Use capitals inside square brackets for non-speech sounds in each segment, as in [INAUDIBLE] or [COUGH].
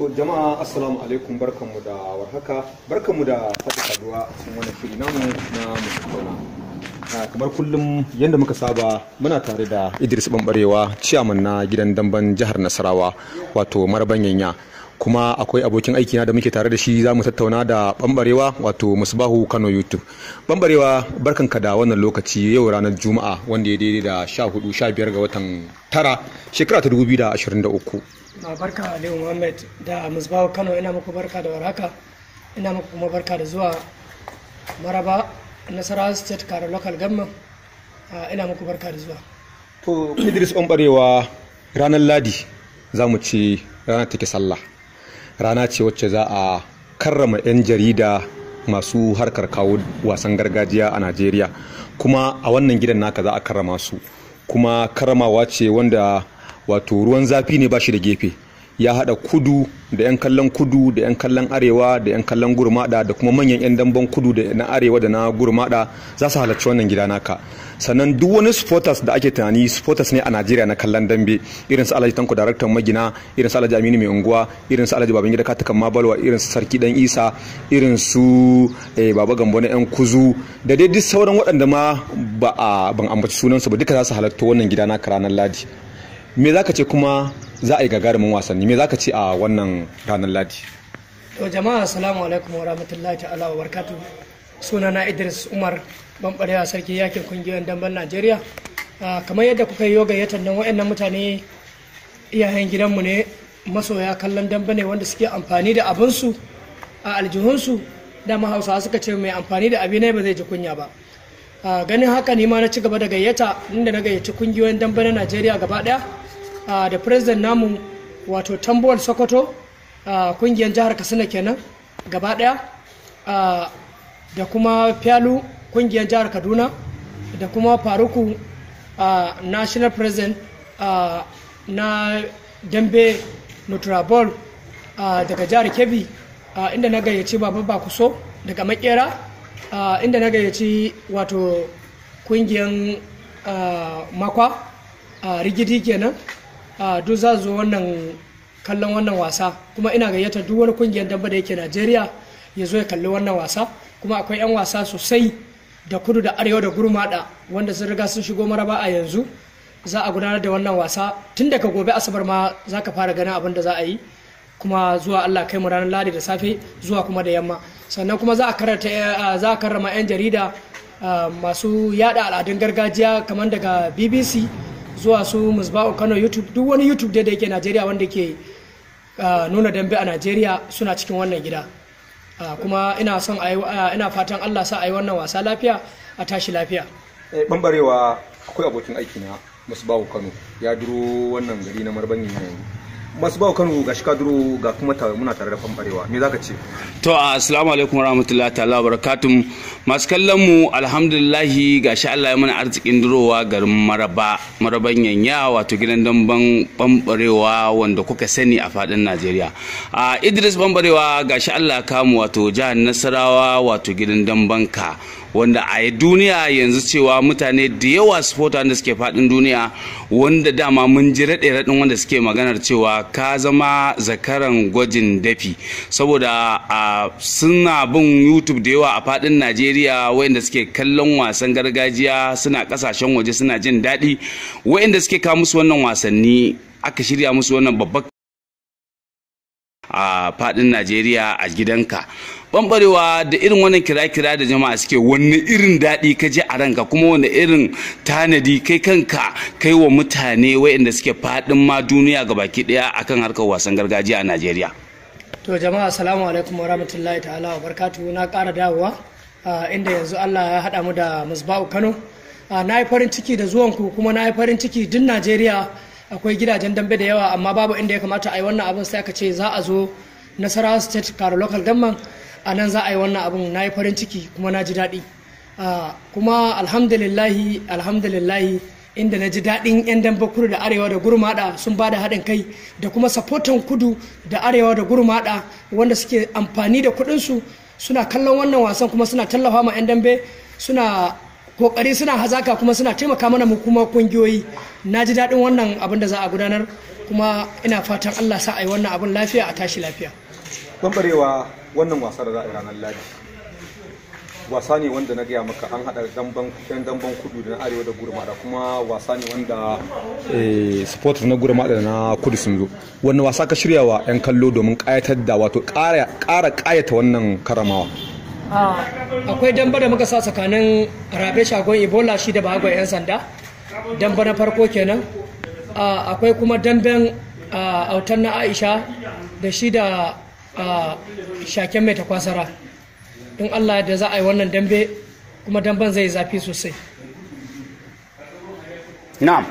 To jama'a assalamu alaikum barkanmu da warhaka barkanmu da fata saduwa a cikin wani shiri namu na musamman ah, kamar kullum yadda muka saba muna tare da Idris Bambarewa ciyaman na gidan damban jihar Nasarawa wato Maraban Yanya kuma akwai abokin aikina da muke tare da shi za mu tattauna da bambarewa wato musbahu kano youtube bambarewa ka da wannan lokaci yau ranar juma'a wanda ya daidai da sha hudu sha biyar ga watan tara shekara ta da da ashirin uku. barka aliyu muhammed da musbahu kano ina muku barka da waraka ina muku kuma barka da zuwa maraba nasara state kare local government ina muku barka da zuwa to idris bambarewa ranar ladi za mu ce ranar take sallah rana ce wacce za a karrama 'yan jarida masu harkar kawo wasan gargajiya a najeriya kuma a wannan gidan naka za a karrama su kuma karramawa ce wanda wato ruwan zafi ne ba shi da gefe ya hada kudu da 'yan kallon kudu da 'yan kallon arewa da 'yan kallon gurmada da kuma manyan 'yan damben kudu da na arewa da na gurmada za su halarci wannan gida naka sannan duk wani supporters da ake tunani supporters ne a najeriya na kallon dambe irin su alhaji tanko director magina irin su alhaji aminu mai unguwa irin su alhaji babangida katakan mabalwa irin su sarki dan isa irin su eh, baba gambo na yan kuzu da dai duk sauran waɗanda ma ba a ban ambaci sunan su ba duka za su halarta wannan gida naka ranar ladi me zaka ce kuma za a yi gagarumin wasanni me za ka ce a wannan ranar ladi to jama'a assalamu alaikum wa rahmatullahi ta'ala wa suna sunana idris umar bambarewa sarki yakin kungiyoyin damben najeriya ah, kamar yadda kuka yi yatan nan wa'annan mutane iyayen gidanmu ne masoya kallon dambe ne wanda suke amfani da abinsu a aljihunsu dama hausawa suka ce mai amfani da abinai ba zai ji kunya ba ah, ganin haka ne ma na ci gaba da gayyata inda na gayyaci kungiyoyin dambe na najeriya gaba daya Ah, da president namu wato tambuwar sokoto ah, kungiyar jihar katsina kenan gaba daya ah, da kuma fialu kungiyar jihar kaduna da kuma faruku national president na dambe nutrabol daga jihar kebbi inda na gayyaci baba bakuso daga makera inda na gayyaci wato kungiyar makwa rigidi kenan Ah, duk za zo wannan kallon wannan wasa kuma ina gayyatar duk wani kungiyar dabba da yake najeriya ya zo ya kalli wannan wasa kuma akwai 'yan wasa sosai da kudu da arewa da gurmada wanda sun riga sun shigo maraba a yanzu za a gudanar da wannan wasa tun daga gobe asabar ma za ka fara ganin abin da za a yi kuma zuwa allah kai mu ranar ladi da safe zuwa kuma da yamma sannan kuma za a eh, za a karrama 'yan jarida ah, masu yada al'adun gargajiya kamar daga bbc zuwa su musba'u kano youtube duk wani youtube da yake najeriya wanda ke uh, nuna dambe a najeriya suna cikin wannan gida uh, kuma ina son uh, ina fatan allah sa a yi wannan wasa lafiya a tashi lafiya eh, bambarewa akwai abokin aiki na musba'u kano ya duro wannan gari na marbanyi yanzu masu bawa kano ga shi kaduro ga kuma muna tare da famfarewa me zaka ce to assalamu alaikum warahmatullahi ta'ala barakatun masu kallon mu alhamdulillahi ga shi Allah ya mana arzikin durowa garin maraba maraban yanya wato gidan damban bambarewa wanda kuka sani a fadin Najeriya a Idris bambarewa ga shi Allah ya kamu wato jihar Nasarawa wato gidan damban ka wanda a duniya yanzu cewa mutane da yawa supporter da suke fadin duniya wanda dama mun ji raɗe raɗin wanda suke maganar cewa ka zama zakaran gwajin dafi saboda a suna bin youtube da yawa a fadin najeriya wayanda suke kallon wasan gargajiya suna kasashen waje suna jin daɗi wayanda suke kawo musu wannan wasanni aka shirya musu wannan babbar a fadin najeriya a gidanka bambarewa da irin wannan kira-kira da jama'a suke wani irin daɗi ka je a ranka kuma wanne irin tanadi kai kanka kai wa mutane waɗanda suke faɗin ma duniya ga baki ɗaya akan harkar wasan gargajiya a Najeriya. To jama'a assalamu alaikum wa rahmatullahi ta'ala wa barkatu na ƙara dawowa inda yanzu Allah ya haɗa mu da Musba'u Kano. Na yi farin ciki da zuwanku kuma na yi farin ciki duk Najeriya akwai gidajen dambe da yawa amma babu inda ya kamata a yi wannan abin sai aka ce za a zo Nasarawa State Karo Local Government a nan za a yi wannan abun na yi farin ciki kuma na ji daɗi kuma alhamdulillahi alhamdulillahi inda na ji daɗin 'yan dambe kudu da arewa da gurmada sun ba da haɗin kai da kuma sapotan kudu da arewa da gurmada wanda suke amfani da kuɗinsu suna kallon wannan wasan kuma suna tallafa ma 'yan dambe suna kokari suna hazaka kuma suna taimaka mana mu kuma kungiyoyi na ji daɗin wannan abin da za a gudanar kuma ina fatan allah sa a yi wannan abin lafiya a tashi lafiya kwambarewa wannan wasa da za a ranar ladi wasa ne wanda na gaya maka an haɗa yan damban kudu da na arewa da gurma da kuma wasa ne wanda eh, supporters na gurma da na kudu sun zo wannan wasa ka shirya wa yan kallo domin ƙayatar da wato ƙara ƙayata wannan karamawa ah, akwai damba da muka sa tsakanin rabe shagon ebola shi da bagon yan sanda damba na farko kenan ah, akwai kuma damben ah, autan na aisha da shi da a shaken mai takwasara in allah da za a yi wannan dambe kuma damben zai zafi sosai na'am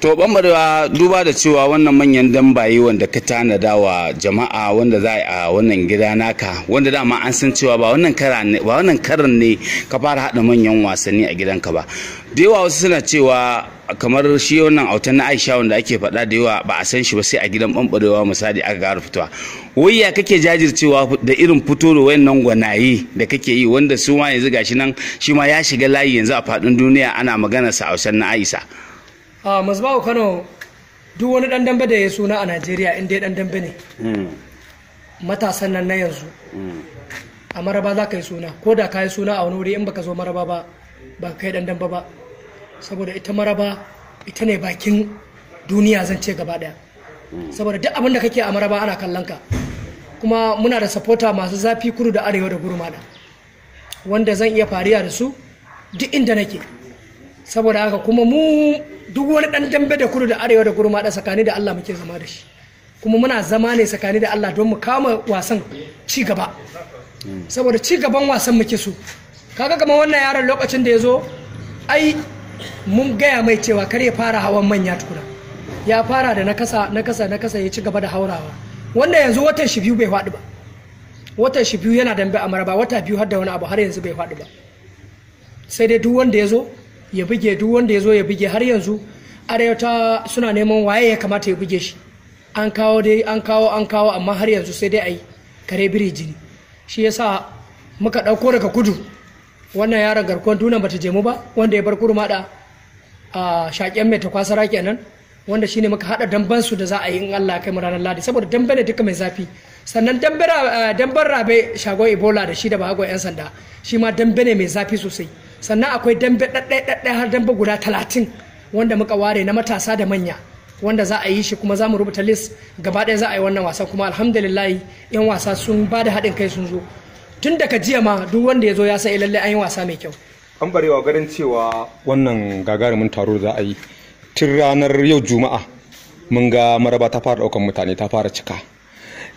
to bambarewa duba da cewa wannan manyan dambaye wanda ka tanada wa jama'a wanda za a wannan gida naka wanda dama an san cewa ba wannan karan ne ba wannan ka fara hada manyan wasanni a gidanka ba da yawa wasu suna cewa kamar shi wannan autan na Aisha wanda ake fada da yawa ba a san shi ba sai a gidan bambarewa misali aka gara fitowa wayya kake jajircewa da irin fito da wayannan gwanaye da kake yi wanda su ma yanzu gashi nan shi ma ya shiga layi yanzu a faɗin duniya ana maganarsa sa autan na Aisha a masba'u kano duk wani dan dambe da ya suna a najeriya inda ya dan dambe ne hmm. matasan nan na yanzu hmm. a maraba za ka yi suna ko da ka yi suna a wani wuri in baka zo maraba ba ba ka yi dan dambe ba saboda ita maraba ita ne bakin duniya zan ce gaba daya hmm. saboda duk abin da kake a maraba ana kallon ka kuma muna da sapota masu zafi kudu da arewa da gurma da wanda zan iya fariya da su duk inda nake saboda haka kuma mu duk wani dan dambe da kudu da arewa da gurma da tsakani da Allah muke zama da shi kuma muna zama ne tsakani da Allah don mu kama wasan ci gaba saboda ci gaban wasan muke so kaga kamar wannan yaron lokacin da ya zo ai mun gaya mai cewa kar ya fara hawan manya tukuna ya fara da na na kasa kasa na kasa ya ci gaba da haurawa wanda yanzu watan shi biyu bai faɗi ba watan shi biyu yana dambe a maraba wata biyu har da wani abu har yanzu bai faɗi ba sai dai duk wanda ya zo ya buge duk wanda ya zo ya buge har yanzu arewata suna neman waye ya kamata ya buge shi an kawo dai an kawo an kawo amma har yanzu sai dai a yi kare biri jini shi yasa muka ɗauko daga kudu wannan yaron garkuwan duna bata je mu ba wanda ya bar kurma da a shaƙen mai takwasara kenan wanda shine muka hada damban su da za a yi in Allah kai mu ranar Ladi saboda dambe ne duka mai zafi sannan eh, damben rabe shagon Ebola da shi da bago yan sanda shi ma dambe ne mai zafi sosai sannan akwai dambe ɗaɗɗaya har dambe guda talatin wanda muka ware na matasa da manya wanda za a yi shi kuma za mu rubuta list gaba ɗaya za a yi wannan wasa kuma alhamdulillah yan wasa sun ba da haɗin kai sun zo tun daga jiya ma duk wanda ya zo ya san eh, lallai an yi wasa mai kyau an barewa garin cewa wannan gagarumin taro za a yi tun ranar yau juma'a mun ga maraba ta fara ɗaukan mutane ta fara cika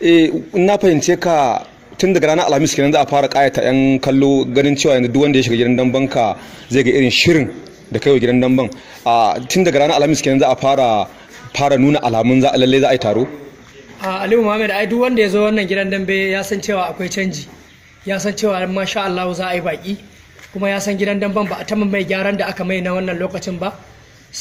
eh, na fahimce ka tun daga ranar alhamis kenan za a fara kayata yan kallo ganin cewa yanzu duk wanda ya shiga gidan dan ka zai ga irin shirin da kai wa gidan damben a tun daga ranar alhamis kenan za a fara fara nuna alamun za lalle za a yi taro a aliyu muhammad ai duk wanda ya zo wannan gidan dambe ya san cewa akwai canji ya san cewa masha Allah za a yi baki kuma ya san gidan ban ba a tamin mai gyaran da aka mai na wannan lokacin ba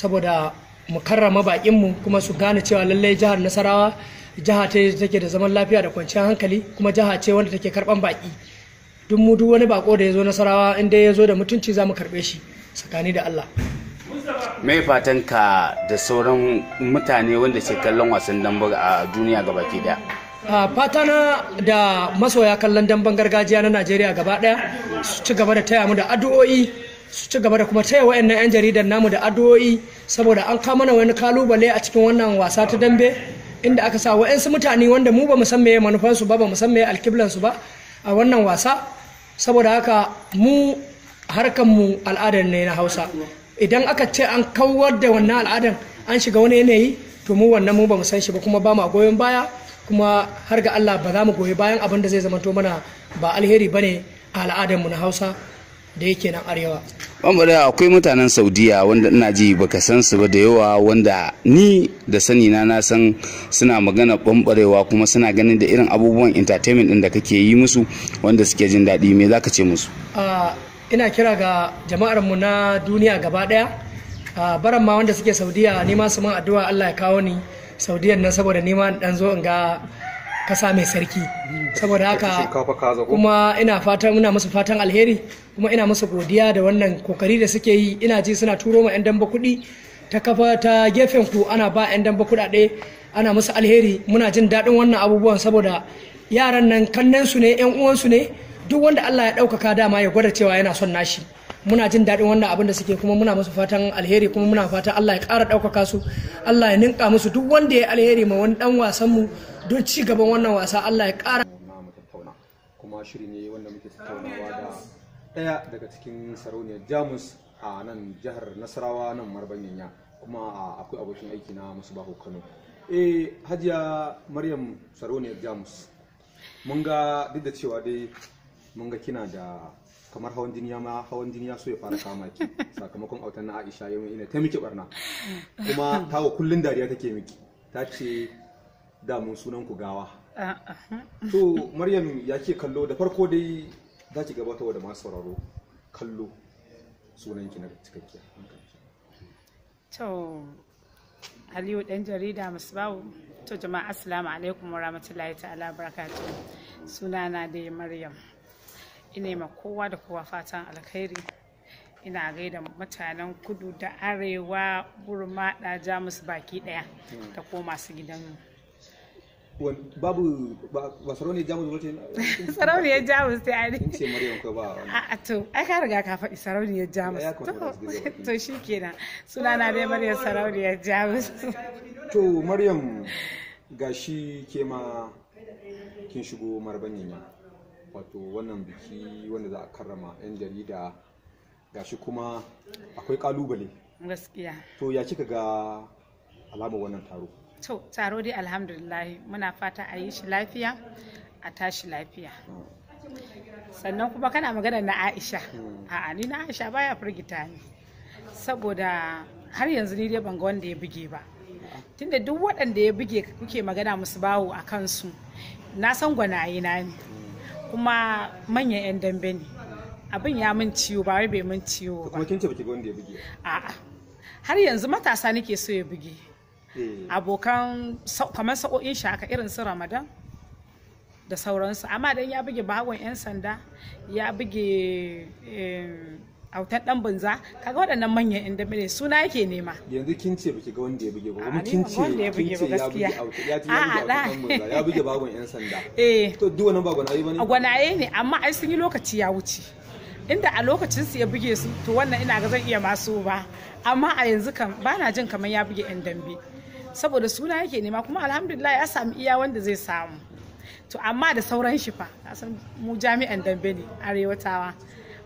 saboda mu karrama baƙinmu kuma su gane cewa lallai jihar nasarawa jiha ce take da zaman lafiya da kwanciyar hankali kuma jiha ce wanda take karban baki duk mu duk wani bako da ya zo nasarawa in ya zo da mutunci za mu karbe shi tsakani da Allah mai fatan ka da sauran mutane wanda ke kallon wasan dambe a duniya gabaki daya a fata da masoya kallon damben gargajiya na Najeriya gaba daya su ci gaba da taya mu da addu'o'i su ci gaba da kuma taya wayannan 'yan jaridar namu da addu'o'i saboda an kama na wani kalubale a cikin wannan wasa ta dambe inda aka sa wa'yansu mutane wanda mu ba mu san meye manufansu ba ba mu san meye alkiblansu ba a wannan wasa saboda haka mu mu al'adar ne na hausa idan aka ce an kawar da wannan al'adar an shiga wani yanayi to mu wannan mu ba mu san shi ba kuma ba mu goyon baya kuma har ga Allah ba za mu goyi bayan abin da zai zama to mana ba alheri bane a mu na hausa da yake nan arewa bambara akwai mutanen saudiya wanda ina ji baka san su ba da yawa wanda ni da sani na na san suna magana bambarewa kuma suna ganin da irin abubuwan entertainment din da kake yi musu wanda suke jin daɗi me zaka ce musu ina kira ga jama'ar mu na duniya gaba ɗaya. baran ma wanda suke saudiya ma su addu'a Allah ya kawo ni saudiyan nan saboda nima dan zo in ga kasa mai sarki saboda haka kuma ina fatan muna musu fatan alheri kuma ina musu godiya da wannan kokari da suke yi ina ji suna turo ma 'yan damba kuɗi ta kafa ta gefen ku ana ba 'yan damba kuɗaɗe ana musu alheri muna jin daɗin wannan abubuwan saboda yaran nan kannen su ne 'yan uwansu ne duk wanda Allah ya ɗaukaka dama ya gwada cewa yana son nashi muna jin daɗin wannan abin da suke kuma muna musu fatan alheri kuma muna fatan Allah ya ƙara ɗaukaka su Allah ya ninka musu duk wanda ya alheri ma wani dan wasan mu don ci gaban wannan wasa Allah ya tattauna kuma shiri ne wanda muke tattaunawa da daya daga cikin sarauniyar jamus a nan jihar nasarawa nan marbanyanya kuma akwai abokin aiki na musu bahu kano eh hajiya maryam sarauniyar jamus mun ga duk da cewa dai mun ga kina da kamar hawan jini ma hawan jini ya so ya fara kama ki sakamakon autan na aisha yau ina ta miki barna kuma tawo kullun dariya take miki ta ce mun sunan ku gawa ah, ah. to maryam ya ke kallo da farko dai za ki wa da masu sauraro kallo sunan ki na cikakkiya to Aliyu dan jarida Musbahu to jama'a assalamu alaikum wa rahmatullahi ta'ala barakatuh sunana dai Maryam ina ma kowa da kowa fatan alkhairi ina gaida mutanen kudu da arewa burma da jamus baki daya da ko masu gidanmu babu ba sarauniyar jamus ba ce [LAUGHS] sarauniyar jamus ta yi ce maryam ko ba a to ai ka riga ka faɗi sarauniyar jamus to shi kenan suna na dai maryam sarauniyar jamus to maryam gashi ke ma kin shigo marban yanya wato wannan biki wanda za a karrama yan jarida gashi kuma akwai kalubale gaskiya to ya kika ga alamar wannan taro to taro dai alhamdulillah muna fata a yi shi lafiya a tashi lafiya sannan kuma kana magana na aisha hmm. a'a ni na aisha baya firgita ni saboda har yanzu ni dai ban ga wanda ya buge ba tunda duk waɗanda ya buge kuke magana musu bawo a kansu na san gwanaye na ne kuma manyan 'yan dambe ne abin ya min ciwo ba wai bai min ciwo ba kuma kin ce ga wanda ya buge a'a har yanzu matasa nake so ya buge Eh. abokan kamar sa'o'in shi haka irin su ramadan da sauransu amma dan ya buge bagon 'yan sanda ya buge eh, autan dan banza kaga waɗannan manyan inda bane suna yake nema yanzu kin ce baki ga wanda ya buge ba kuma kin ce kin ce ya buge ya buge autan banza ya buge bagon yan sanda eh to duk wannan ba gwanaye bane gwanaye ne amma ai sun yi lokaci ya wuce inda a lokacin su ya buge su to wannan ina ga zan iya masu ba amma a yanzu kan bana jin kamar ya buge yan dambe saboda suna yake nema kuma alhamdulillah ya samu iya wanda zai samu to amma da sauran shi fa san mu jami'an dambe ne arewatawa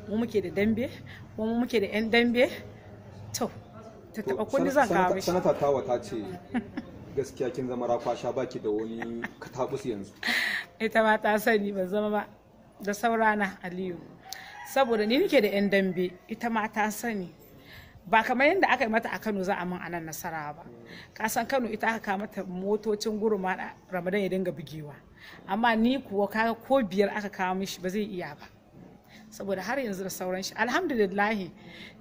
mu muke da dambe mu muke da yan dambe to ta taba kudi zan kawo shi sanata tawa ta ce [LAUGHS] gaskiya kin zama rakwasha baki da wani katabus yanzu ita ma ta sani ban zama ba da saurana aliyu saboda ni nake da yan dambe ita ma ta sani ba kamar yadda aka yi mata a kano za a man anan nasara ba kasan kano ita aka kama mata motocin gurma ramadan ya dinga bugewa amma ni kuwa kaga ko biyar aka kawo mishi ba zai iya ba saboda har yanzu da sauran shi alhamdulillah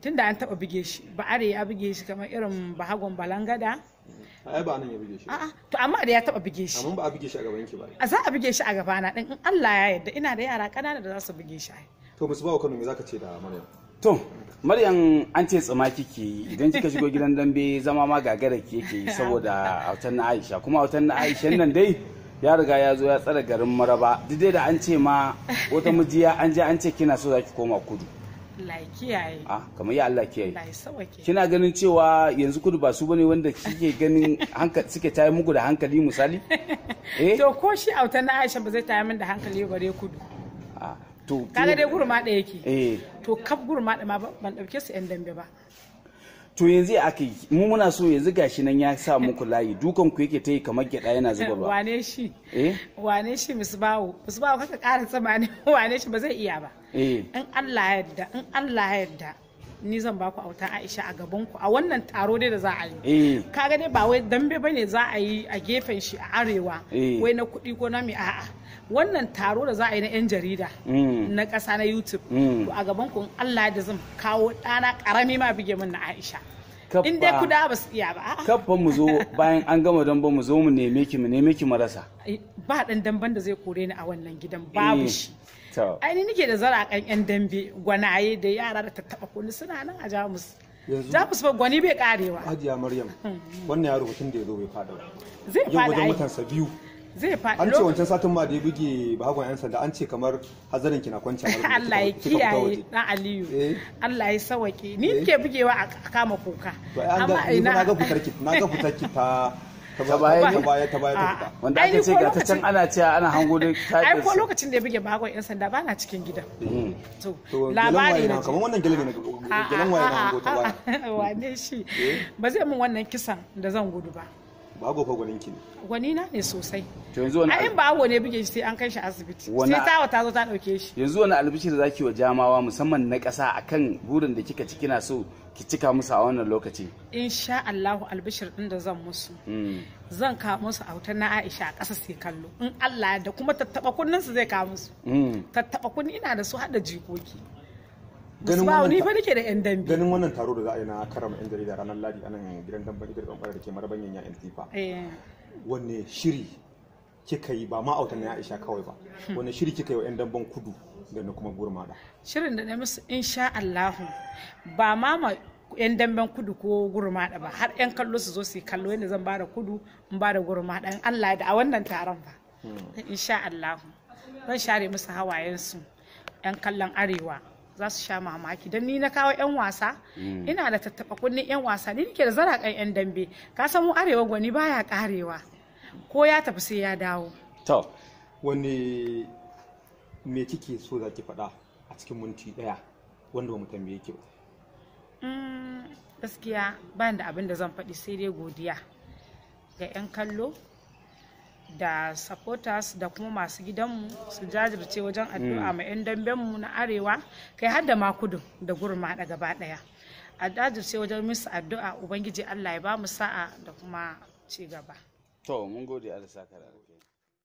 tunda an taba buge shi ba are ya buge shi kamar irin bahagon balangada ai ba nan ya buge shi a'a to amma da ya taba buge shi amma ba a buge shi a gaban ki ba a za a buge shi a gaba na din in Allah ya yarda ina da yara kanana da za su buge shi to musu ba Kano me zaka ce da Maryam to maryam an ce tsamaki kike yi idan kika shigo gidan dambe zama ma gagara ke yake yi saboda autan na aisha kuma autan na aisha nan dai ya riga ya zo ya tsara garin maraba duk dai da an ce ma wata mijiya an je an ce kina so za ki koma kudu kiyaye. Ah, kamar ya Allah kiyaye. Kina ganin cewa yanzu kudu ba su bane wanda kike ganin hankali suke tayi muku da hankali misali? [LAUGHS] Eh? To ko shi auta na Aisha ba zai tayi min da hankali gare kudu. to kaga dai gurma da yake eh to kaf gurma da ma ban dauke su yan dambe ba to yanzu a kai mu muna so yanzu gashi nan ya sa muku layi dukan ku yake ta kamar gyada yana zuba ba [LAUGHS] wane shi eh wane shi misbawo misbawo kaka karin sama [LAUGHS] ne wane shi ba zai iya ba eh in Allah ya yarda in Allah ya yarda ni zan baku auta Aisha a gaban ku a wannan taro dai da za a yi eh. kaga dai ba wai dambe bane za a yi a gefen shi a arewa eh. wai na kuɗi ko na mi a'a wannan taro da za a yi na 'yan jarida hmm. na ƙasa na youtube hmm. a gaban ku Allah da zan kawo ɗana ƙarami ma bige min na aisha in dai da ba su iya ba kabba mu zo [LAUGHS] bayan an gama dambe mu zo mu neme ki mu neme ki marasa eh, ba ɗan damban da zai kore ni a wannan gidan babu shi ai ni da zara kan yan dambe gwanaye da yara da tattaba kullu suna nan a Jamus Jamus ba gwani bai karewa Hajiya Maryam hmm. wannan yaro mutum da ya zo bai fada zai fada yau wajen watan biyu zai faɗi an ce wancan satin ma da ya buge bagon yan sanda an ce kamar hazarin kina kwanci Allah ya kiyaye na Aliyu eh. Allah ya sawake ni eh. ke bugewa a kama kuka amma ina na ga fitarki na ga fitarki ta ta baya ta baya ta baya wanda aka ce ga ta can ana cewa ana hango da ta ai ko lokacin da ya buge bagon yan sanda ba na cikin gida mm. to labari na kamar wannan gelebe ne gilan waye na ah, ah, hango ta ah, baya wane shi eh? ba zai min wannan kisan da zan gudu ba ba gofa gwanin ki ne gwani na ne sosai to yanzu wani ayin ba awo ne bige shi sai an kai shi asibiti sai tawa ta zo ta dauke shi yanzu wani albishi da zaki wa jamawa musamman na kasa akan burin da kika ci kina so ki cika musu a wannan lokaci insha Allah albishir din da zan musu hmm. zan ka musu auta na Aisha a ƙasa sai kallo in Allah da kuma tattaba kunnin su zai ka musu hmm. tattaba kunni ina da su hada jikoki ganin wannan ni fa nake da yan dambe ganin wannan taro da za a yi na karama yan jarida ranar ladi a nan gidan dambe gidan kamfara da ke marabin ya yan tifa eh. wanne shiri kika yi ba ma'auta na Aisha kawai ba hmm. wanne shiri kika yi wa yan damben kudu da na kuma gurma da shirin da na musu insha allahu ba ma ma yan damben kudu ko gurma da ba har yan kallo su zo su kallo yadda zan bada kudu in bada gurma da Allah da a wannan taron ba hmm. insha allahu zan share musu hawayensu yan kallon arewa za su sha mamaki don ni na kawo 'yan wasa mm. ina da tattaɓa kunnen 'yan wasa ni nike da zarakan 'yan dambe ka san mu arewa gwani baya karewa ko ya tafi sai ya dawo to wani me kike so za ki faɗa a cikin minti ɗaya wanda ba mu tambaye ki ba mm, gaskiya ba da abin da zan faɗi sai dai godiya ga 'yan kallo da supporters da kuma masu gidanmu su jajirce wajen addu'a hmm. ma 'yan dambenmu na arewa kai har da makudu da gurma da gaba daya a jajirce wajen musu addu'a ubangiji allah ya ba mu sa'a da kuma ci gaba to mun gode